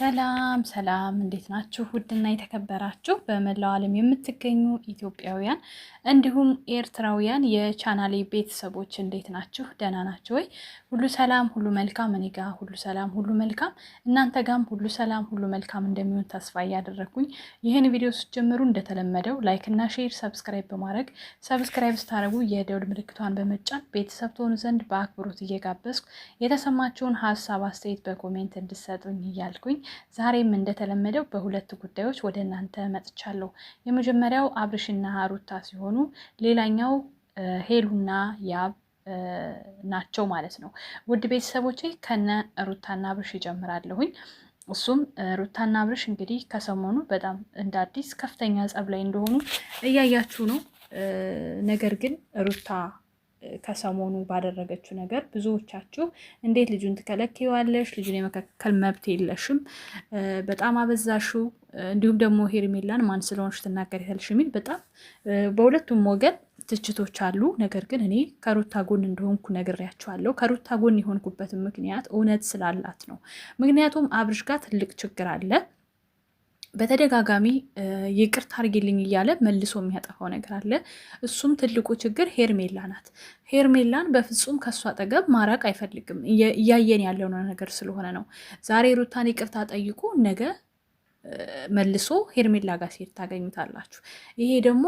ሰላም ሰላም፣ እንዴት ናችሁ? ውድና የተከበራችሁ በመላው ዓለም የምትገኙ ኢትዮጵያውያን እንዲሁም ኤርትራውያን የቻናሌ ቤተሰቦች እንዴት ናችሁ? ደህና ናችሁ ወይ? ሁሉ ሰላም፣ ሁሉ መልካም። እኔ ጋ ሁሉ ሰላም፣ ሁሉ መልካም። እናንተ ጋም ሁሉ ሰላም፣ ሁሉ መልካም እንደሚሆን ተስፋ እያደረግኩኝ ይህን ቪዲዮ ስትጀምሩ እንደተለመደው ላይክ እና ሼር፣ ሰብስክራይብ በማድረግ ሰብስክራይብ ስታደረጉ የደውል ምልክቷን በመጫን ቤተሰብ ትሆኑ ዘንድ በአክብሮት እየጋበዝኩ የተሰማችሁን ሀሳብ አስተያየት በኮሜንት እንድሰጡኝ እያልኩኝ ዛሬም እንደተለመደው በሁለት ጉዳዮች ወደ እናንተ መጥቻለሁ። የመጀመሪያው አብርሽና ሩታ ሲሆኑ ሌላኛው ሄሉና ያብ ናቸው ማለት ነው። ውድ ቤተሰቦቼ ከነ ሩታና አብርሽ ይጀምራለሁኝ። እሱም ሩታና አብርሽ እንግዲህ ከሰሞኑ በጣም እንደ አዲስ ከፍተኛ ጸብ ላይ እንደሆኑ እያያችሁ ነው። ነገር ግን ሩታ ከሰሞኑ ባደረገችው ነገር ብዙዎቻችሁ እንዴት ልጁን ትከለክዋለሽ? ልጁን የመከከል መብት የለሽም፣ በጣም አበዛሽው፣ እንዲሁም ደግሞ ሄርሜላን ማን ስለሆንሽ ትናገሪያለሽ? የሚል በጣም በሁለቱም ወገን ትችቶች አሉ። ነገር ግን እኔ ከሩታ ጎን እንደሆንኩ ነግሬያቸዋለሁ። ከሩታ ጎን የሆንኩበት ምክንያት እውነት ስላላት ነው። ምክንያቱም አብርሽ ጋር ትልቅ ችግር አለ በተደጋጋሚ ይቅርታ አድርጊልኝ እያለ መልሶ የሚያጠፋው ነገር አለ። እሱም ትልቁ ችግር ሄርሜላ ናት። ሄርሜላን በፍጹም ከእሱ አጠገብ ማራቅ አይፈልግም። እያየን ያለው ነገር ስለሆነ ነው። ዛሬ ሩታን ይቅርታ ጠይቁ፣ ነገ መልሶ ሄርሜላ ጋር ሲሄድ ታገኙታላችሁ። ይሄ ደግሞ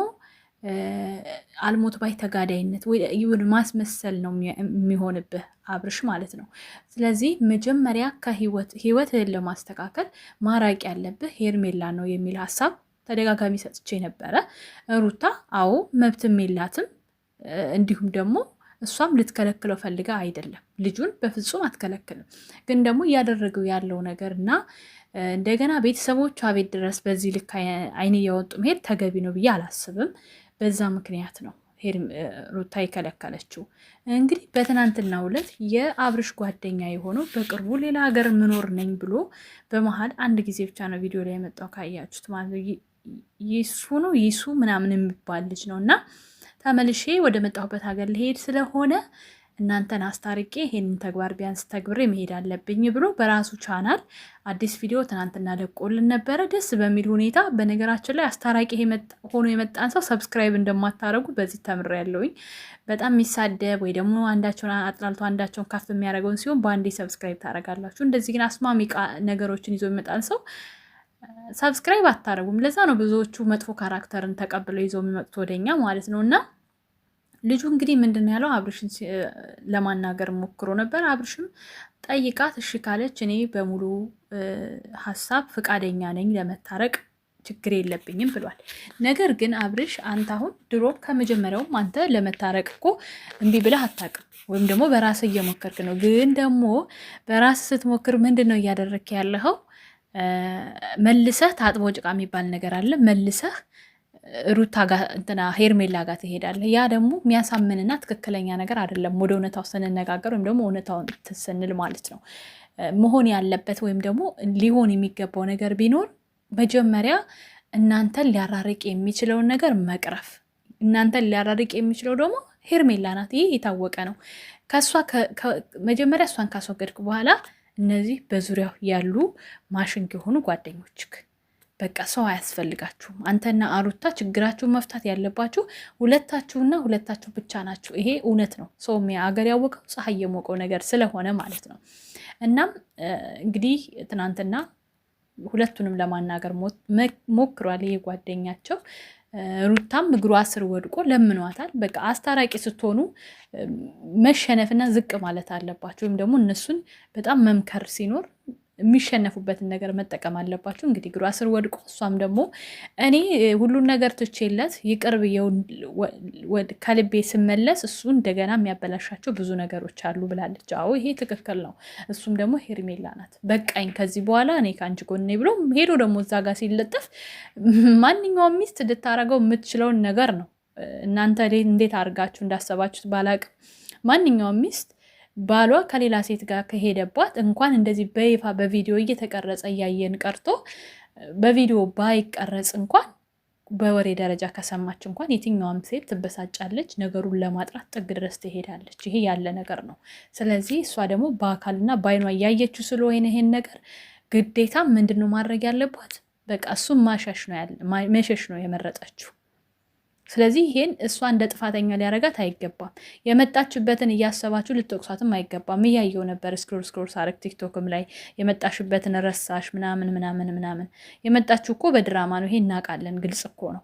አልሞት ባይ ተጋዳይነት ይሁን ማስመሰል ነው የሚሆንብህ አብርሽ ማለት ነው። ስለዚህ መጀመሪያ ከህይወት ለማስተካከል ማራቂ ያለብህ ሄርሜላ ነው የሚል ሀሳብ ተደጋጋሚ ሰጥቼ ነበረ። ሩታ አዎ መብትም የላትም እንዲሁም ደግሞ እሷም ልትከለክለው ፈልጋ አይደለም። ልጁን በፍጹም አትከለክልም። ግን ደግሞ እያደረገው ያለው ነገር እና እንደገና ቤተሰቦቿ ቤት ድረስ በዚህ ልክ አይን እያወጡ መሄድ ተገቢ ነው ብዬ አላስብም። በዛ ምክንያት ነው ሩታ የከለከለችው። እንግዲህ በትናንትናው ዕለት የአብርሽ ጓደኛ የሆነው በቅርቡ ሌላ ሀገር ምኖር ነኝ ብሎ በመሀል አንድ ጊዜ ብቻ ነው ቪዲዮ ላይ የመጣው ካያችሁት ማለት ነው። ይሱ ነው ይሱ ምናምን የሚባል ልጅ ነው እና ተመልሼ ወደ መጣሁበት ሀገር ልሄድ ስለሆነ እናንተን አስታርቄ ይሄንን ተግባር ቢያንስ ተግብሬ መሄድ አለብኝ ብሎ በራሱ ቻናል አዲስ ቪዲዮ ትናንትና ለቆልን ነበረ፣ ደስ በሚል ሁኔታ። በነገራችን ላይ አስታራቂ ሆኖ የመጣን ሰው ሰብስክራይብ እንደማታደረጉ በዚህ ያለውኝ። በጣም የሚሳደብ ወይ ደግሞ አንዳቸውን አጥላልቶ አንዳቸውን ካፍ የሚያደርገውን ሲሆን በአንዴ ሰብስክራይብ ታደርጋላችሁ። እንደዚህ ግን አስማሚ ነገሮችን ይዞ የመጣን ሰው ሰብስክራይብ አታደረጉም። ለዛ ነው ብዙዎቹ መጥፎ ካራክተርን ተቀብለው ይዞ የሚመጡት ወደኛ ማለት ነው እና ልጁ እንግዲህ ምንድን ነው ያለው አብርሽን ለማናገር ሞክሮ ነበር። አብርሽም ጠይቃት እሺ ካለች እኔ በሙሉ ሀሳብ ፈቃደኛ ነኝ ለመታረቅ ችግር የለብኝም ብሏል። ነገር ግን አብርሽ አንተ አሁን ድሮ ከመጀመሪያውም አንተ ለመታረቅ እኮ እምቢ ብለህ አታውቅም፣ ወይም ደግሞ በራስህ እየሞከርክ ነው። ግን ደግሞ በራስህ ስትሞክር ምንድን ነው እያደረግክ ያለኸው? መልሰህ ታጥቦ ጭቃ የሚባል ነገር አለ መልሰህ ሩታ ጋር እንትና ሄርሜላ ጋር ትሄዳለህ። ያ ደግሞ የሚያሳምንና ትክክለኛ ነገር አይደለም። ወደ እውነታው ስንነጋገር ወይም ደግሞ እውነታውን ስንል ማለት ነው መሆን ያለበት ወይም ደግሞ ሊሆን የሚገባው ነገር ቢኖር መጀመሪያ እናንተን ሊያራርቅ የሚችለውን ነገር መቅረፍ። እናንተን ሊያራርቅ የሚችለው ደግሞ ሄርሜላ ናት። ይህ የታወቀ ነው። ከእሷ መጀመሪያ እሷን ካስወገድክ በኋላ እነዚህ በዙሪያው ያሉ ማሽንግ የሆኑ ጓደኞችክ በቃ ሰው አያስፈልጋችሁም። አንተና አሩታ ችግራችሁን መፍታት ያለባችሁ ሁለታችሁና ሁለታችሁ ብቻ ናችሁ። ይሄ እውነት ነው። ሰው አገር ያወቀው ፀሐይ የሞቀው ነገር ስለሆነ ማለት ነው። እናም እንግዲህ ትናንትና ሁለቱንም ለማናገር ሞክሯል ይሄ ጓደኛቸው። ሩታም እግሯ ስር ወድቆ ለምኗታል። በቃ አስታራቂ ስትሆኑ መሸነፍና ዝቅ ማለት አለባችሁ፣ ወይም ደግሞ እነሱን በጣም መምከር ሲኖር የሚሸነፉበትን ነገር መጠቀም አለባቸው። እንግዲህ እግሯ ስር ወድቆ እሷም ደግሞ እኔ ሁሉን ነገር ትቼለት ይቅርብ ከልቤ ስመለስ እሱ እንደገና የሚያበላሻቸው ብዙ ነገሮች አሉ ብላለች። አዎ ይሄ ትክክል ነው። እሱም ደግሞ ሄርሜላ ናት። በቃኝ ከዚህ በኋላ እኔ ከአንቺ ጎኔ ብሎ ሄዶ ደግሞ እዛ ጋር ሲለጠፍ ማንኛውም ሚስት ልታረገው የምትችለውን ነገር ነው። እናንተ እንዴት አድርጋችሁ እንዳሰባችሁት ባላቅም ማንኛውም ሚስት ባሏ ከሌላ ሴት ጋር ከሄደባት እንኳን እንደዚህ በይፋ በቪዲዮ እየተቀረጸ እያየን ቀርቶ በቪዲዮ ባይቀረጽ እንኳን በወሬ ደረጃ ከሰማች እንኳን የትኛዋም ሴት ትበሳጫለች፣ ነገሩን ለማጥራት ጥግ ድረስ ትሄዳለች። ይሄ ያለ ነገር ነው። ስለዚህ እሷ ደግሞ በአካልና በአይኗ እያየችው ስለሆነ ይሄን ነገር ግዴታ ምንድን ነው ማድረግ ያለባት? በቃ እሱም ማሸሽ ነው ያለ መሸሽ ነው የመረጠችው። ስለዚህ ይሄን እሷ እንደ ጥፋተኛ ሊያረጋት አይገባም። የመጣችበትን እያሰባችሁ ልትወቅሷትም አይገባም። እያየው ነበር ስክሮል ስክሮል ሳረግ ቲክቶክም ላይ የመጣሽበትን ረሳሽ ምናምን ምናምን ምናምን። የመጣችሁ እኮ በድራማ ነው፣ ይሄ እናውቃለን። ግልጽ እኮ ነው።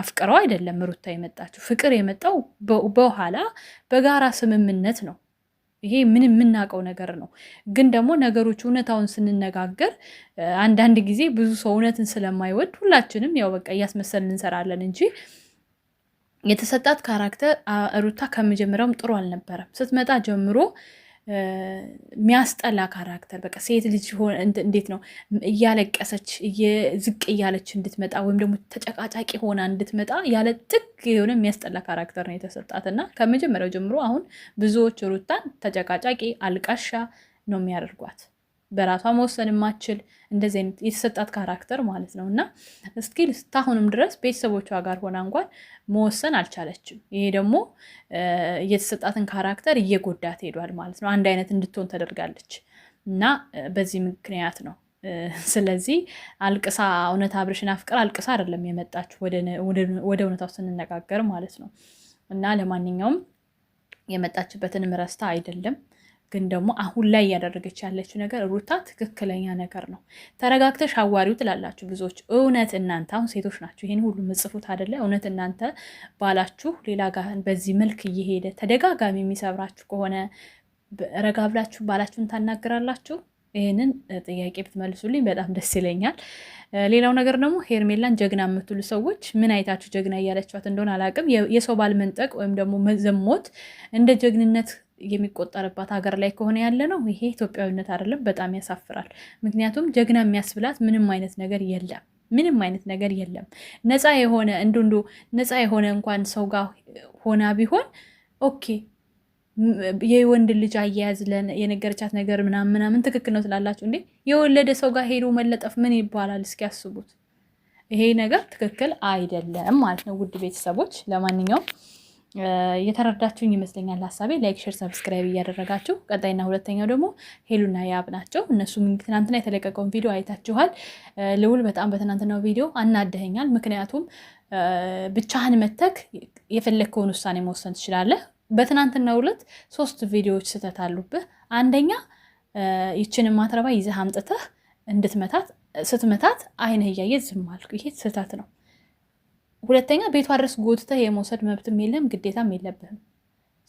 አፍቅረው አይደለም ሩታ የመጣችሁ። ፍቅር የመጣው በኋላ በጋራ ስምምነት ነው። ይሄ ምንም የምናውቀው ነገር ነው። ግን ደግሞ ነገሮች እውነታውን ስንነጋገር አንዳንድ ጊዜ ብዙ ሰው እውነትን ስለማይወድ ሁላችንም ያው በቃ እያስመሰልን እንሰራለን እንጂ የተሰጣት ካራክተር ሩታ ከመጀመሪያውም ጥሩ አልነበረም። ስትመጣ ጀምሮ የሚያስጠላ ካራክተር በቃ ሴት ልጅ እንዴት ነው እያለቀሰች ዝቅ እያለች እንድትመጣ ወይም ደግሞ ተጨቃጫቂ ሆና እንድትመጣ ያለ ጥግ የሆነ የሚያስጠላ ካራክተር ነው የተሰጣት እና ከመጀመሪያው ጀምሮ አሁን ብዙዎች ሩታን ተጨቃጫቂ አልቃሻ ነው የሚያደርጓት። በራሷ መወሰን የማትችል እንደዚህ አይነት የተሰጣት ካራክተር ማለት ነው እና እስኪል እስካሁንም ድረስ ቤተሰቦቿ ጋር ሆና እንኳን መወሰን አልቻለችም። ይሄ ደግሞ የተሰጣትን ካራክተር እየጎዳት ሄዷል ማለት ነው። አንድ አይነት እንድትሆን ተደርጋለች እና በዚህ ምክንያት ነው ስለዚህ አልቅሳ እውነት አብርሽን አፍቅር አልቅሳ አይደለም የመጣችው ወደ እውነታው ስንነጋገር ማለት ነው እና ለማንኛውም የመጣችበትን ምረስታ አይደለም ግን ደግሞ አሁን ላይ እያደረገች ያለችው ነገር ሩታ ትክክለኛ ነገር ነው። ተረጋግተሽ አዋሪው ትላላችሁ ብዙዎች። እውነት እናንተ አሁን ሴቶች ናችሁ ይህን ሁሉ ምጽፉት አደለ? እውነት እናንተ ባላችሁ ሌላ ጋር በዚህ መልክ እየሄደ ተደጋጋሚ የሚሰብራችሁ ከሆነ ረጋ ብላችሁ ባላችሁን ታናግራላችሁ? ይህንን ጥያቄ ብትመልሱልኝ በጣም ደስ ይለኛል። ሌላው ነገር ደግሞ ሄርሜላን ጀግና የምትሉ ሰዎች ምን አይታችሁ ጀግና እያለችዋት እንደሆነ አላውቅም። የሰው ባል መንጠቅ ወይም ደግሞ መዘሞት እንደ ጀግንነት የሚቆጠርባት ሀገር ላይ ከሆነ ያለ ነው። ይሄ ኢትዮጵያዊነት አይደለም፣ በጣም ያሳፍራል። ምክንያቱም ጀግና የሚያስብላት ምንም አይነት ነገር የለም፣ ምንም አይነት ነገር የለም። ነፃ የሆነ እንዶ ነፃ የሆነ እንኳን ሰው ጋር ሆና ቢሆን ኦኬ የወንድ ልጅ አያያዝ የነገረቻት ነገር ምናምን ምናምን ትክክል ነው ትላላችሁ እንዴ? የወለደ ሰው ጋር ሄዶ መለጠፍ ምን ይባላል? እስኪ አስቡት። ይሄ ነገር ትክክል አይደለም ማለት ነው፣ ውድ ቤተሰቦች። ለማንኛውም የተረዳችሁኝ ይመስለኛል ሀሳቤ። ላይክ፣ ሼር፣ ሰብስክራይብ እያደረጋችሁ ቀጣይና ሁለተኛው ደግሞ ሄሉና ያብ ናቸው። እነሱም ትናንትና የተለቀቀውን ቪዲዮ አይታችኋል። ልውል በጣም በትናንትናው ቪዲዮ አናደኸኛል። ምክንያቱም ብቻህን መተክ የፈለግከውን ውሳኔ መወሰን ትችላለህ። በትናንትናው ዕለት ሶስት ቪዲዮዎች ስህተት አሉብህ። አንደኛ ይችን ማትረባ ይዘህ አምጥተህ እንድትመታት ስትመታት አይንህ እያየ ዝም አልኩ። ይሄ ስህተት ነው። ሁለተኛ ቤቷ ድረስ ጎትተህ የመውሰድ መብትም የለም ግዴታም የለብህም።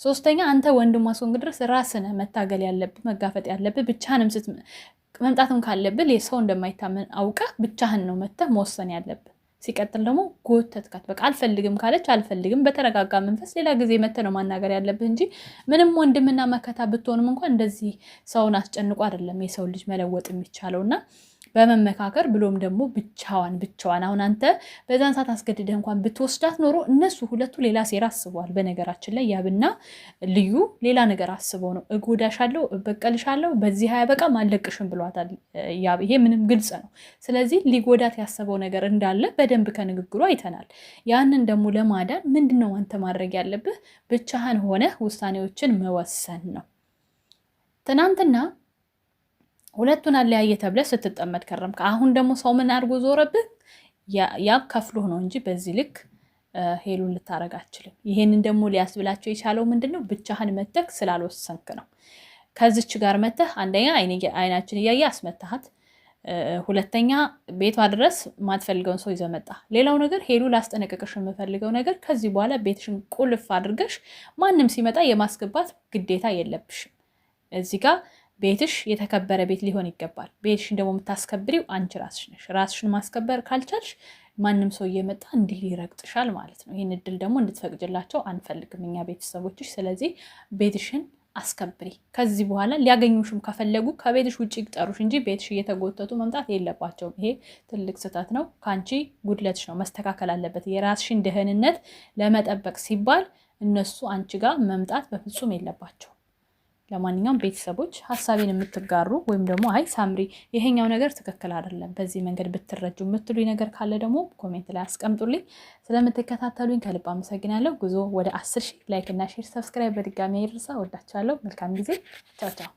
ሶስተኛ አንተ ወንድሟ እስከሆንክ ድረስ ራስነ መታገል ያለብህ መጋፈጥ ያለብህ ብቻህንም ስት መምጣትም ካለብህ ሰው እንደማይታመን አውቀህ ብቻህን ነው መተህ መወሰን ያለብህ። ሲቀጥል ደግሞ ጎተትካት በቃ አልፈልግም ካለች አልፈልግም፣ በተረጋጋ መንፈስ ሌላ ጊዜ መተህ ነው ማናገር ያለብህ እንጂ ምንም ወንድምና መከታ ብትሆንም እንኳን እንደዚህ ሰውን አስጨንቆ አይደለም የሰው ልጅ መለወጥ የሚቻለው እና በመመካከር ብሎም ደግሞ ብቻዋን ብቻዋን አሁን አንተ በዛን ሰዓት አስገድደህ እንኳን ብትወስዳት ኖሮ እነሱ ሁለቱ ሌላ ሴራ አስበዋል። በነገራችን ላይ ያብና ልዩ ሌላ ነገር አስበው ነው እጎዳሻለሁ፣ እበቀልሻለሁ፣ በዚህ ሀያ በቃ አልለቅሽም ብሏታል ያብ። ይሄ ምንም ግልጽ ነው። ስለዚህ ሊጎዳት ያሰበው ነገር እንዳለ በደንብ ከንግግሩ አይተናል። ያንን ደግሞ ለማዳን ምንድን ነው አንተ ማድረግ ያለብህ? ብቻህን ሆነህ ውሳኔዎችን መወሰን ነው። ትናንትና ሁለቱን አለያየ ተብለ ስትጠመድ ከረምክ። አሁን ደግሞ ሰው ምን አድርጎ ዞረብህ? ያ ከፍሎህ ነው እንጂ በዚህ ልክ ሄሉን ልታረግ አችልም። ይሄንን ደግሞ ሊያስብላቸው የቻለው ምንድን ነው? ብቻህን መተክ ስላልወሰንክ ነው። ከዚች ጋር መተህ አንደኛ አይናችን እያየ አስመታሃት፣ ሁለተኛ ቤቷ ድረስ ማትፈልገውን ሰው ይዘህ መጣ ሌላው ነገር ሄሉ ላስጠነቀቅሽ የምፈልገው ነገር ከዚህ በኋላ ቤትሽን ቁልፍ አድርገሽ ማንም ሲመጣ የማስገባት ግዴታ የለብሽም እዚህ ጋር ቤትሽ የተከበረ ቤት ሊሆን ይገባል። ቤትሽን ደግሞ የምታስከብሪው አንቺ ራስሽ ነሽ። ራስሽን ማስከበር ካልቻልሽ ማንም ሰው እየመጣ እንዲህ ሊረግጥሻል ማለት ነው። ይህን እድል ደግሞ እንድትፈቅጅላቸው አንፈልግም እኛ ቤተሰቦችሽ። ስለዚህ ቤትሽን አስከብሪ። ከዚህ በኋላ ሊያገኙሽም ከፈለጉ ከቤትሽ ውጭ ይቅጠሩሽ እንጂ ቤትሽ እየተጎተቱ መምጣት የለባቸውም። ይሄ ትልቅ ስህተት ነው። ከአንቺ ጉድለትሽ ነው፣ መስተካከል አለበት። የራስሽን ደህንነት ለመጠበቅ ሲባል እነሱ አንቺ ጋር መምጣት በፍጹም የለባቸው ለማንኛውም ቤተሰቦች ሀሳቤን የምትጋሩ ወይም ደግሞ አይ ሳምሪ ይሄኛው ነገር ትክክል አይደለም፣ በዚህ መንገድ ብትረጁ የምትሉኝ ነገር ካለ ደግሞ ኮሜንት ላይ አስቀምጡልኝ። ስለምትከታተሉኝ ከልብ አመሰግናለሁ። ጉዞ ወደ አስር ሺህ ላይክ እና ሼር፣ ሰብስክራይብ በድጋሚ ይርሳ። ወዳችኋለሁ። መልካም ጊዜ። ቻው ቻው።